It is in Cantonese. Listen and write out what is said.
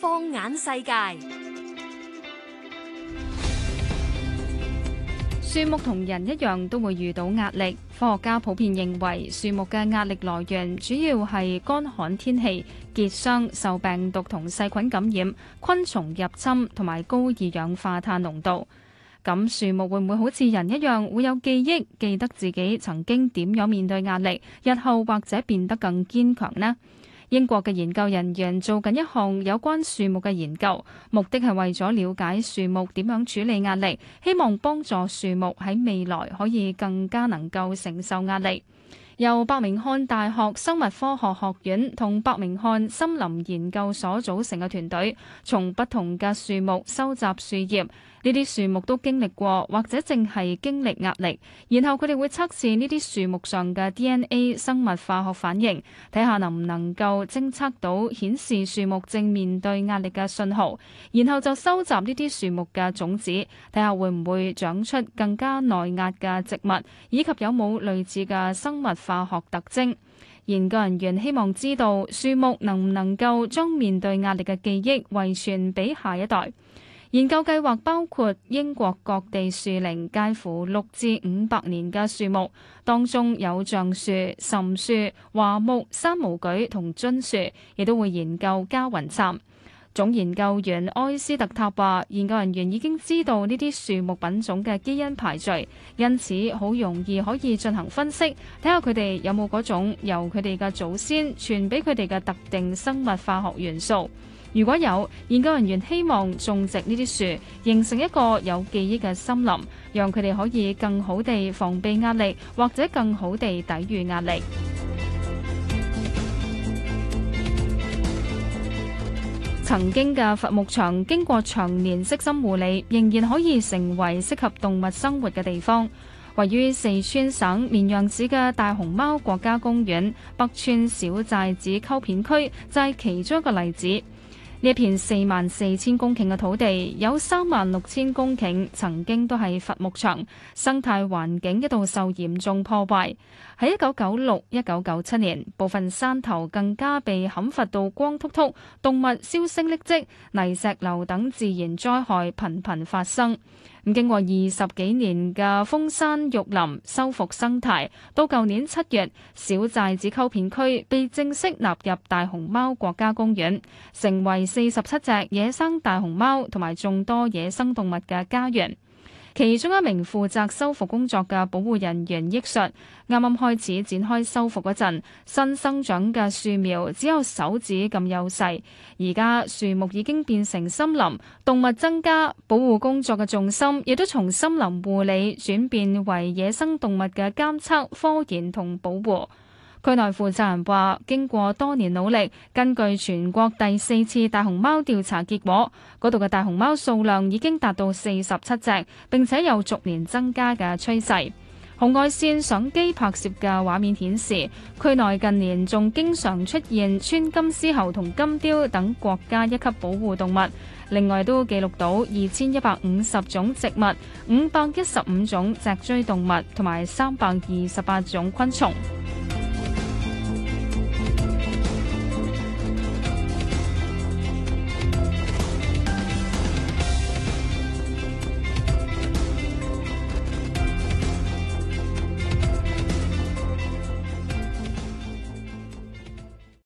放眼世界，樹木同人一樣都會遇到壓力。科學家普遍認為，樹木嘅壓力來源主要係乾旱天氣、結霜、受病毒同細菌感染、昆蟲入侵同埋高二氧化碳濃度。咁樹木會唔會好似人一樣會有記憶，記得自己曾經點樣面對壓力，日後或者變得更堅強呢？英國嘅研究人員做緊一項有關樹木嘅研究，目的係為咗了解樹木點樣處理壓力，希望幫助樹木喺未來可以更加能夠承受壓力。由伯明翰大學生物科學學院同伯明翰森林研究所組成嘅團隊，從不同嘅樹木收集樹葉。呢啲樹木都經歷過，或者淨係經歷壓力，然後佢哋會測試呢啲樹木上嘅 DNA 生物化學反應，睇下能唔能夠偵測到顯示樹木正面對壓力嘅信號，然後就收集呢啲樹木嘅種子，睇下會唔會長出更加耐壓嘅植物，以及有冇類似嘅生物化學特徵。研究人員希望知道樹木能唔能夠將面對壓力嘅記憶遺傳俾下一代。研究計劃包括英國各地樹齡介乎六至五百年嘅樹木，當中有橡樹、岑樹、樺木、山毛櫸同樽樹，亦都會研究加雲杉。總研究員埃斯特塔話：研究人員已經知道呢啲樹木品種嘅基因排序，因此好容易可以進行分析，睇下佢哋有冇嗰種由佢哋嘅祖先傳俾佢哋嘅特定生物化學元素。如果有研究人員希望種植呢啲樹，形成一個有記憶嘅森林，讓佢哋可以更好地防備壓力，或者更好地抵禦壓力。曾經嘅伐木場經過長年悉心護理，仍然可以成為適合動物生活嘅地方。位於四川省綿陽市嘅大熊貓國家公園北川小寨子溝片區，就係、是、其中一個例子。呢片四萬四千公頃嘅土地，有三萬六千公頃曾經都係伐木場，生態環境一度受嚴重破壞。喺一九九六、一九九七年，部分山頭更加被砍伐到光禿禿，動物消聲匿跡，泥石流等自然災害頻頻發生。咁經過二十幾年嘅封山育林、修復生態，到舊年七月，小寨子溝片區被正式納入大熊貓國家公園，成為四十七隻野生大熊貓同埋眾多野生動物嘅家園。其中一名負責修復工作嘅保護人員憶述：啱啱開始展開修復嗰陣，新生長嘅樹苗只有手指咁幼細，而家樹木已經變成森林，動物增加，保護工作嘅重心亦都從森林護理轉變為野生動物嘅監測、科研同保護。區內負責人話，經過多年努力，根據全國第四次大熊貓調查結果，嗰度嘅大熊貓數量已經達到四十七隻，並且有逐年增加嘅趨勢。紅外線相機拍攝嘅畫面顯示，區內近年仲經常出現川金絲猴同金雕等國家一級保護動物。另外，都記錄到二千一百五十種植物、五百一十五種脊椎動物同埋三百二十八種昆蟲。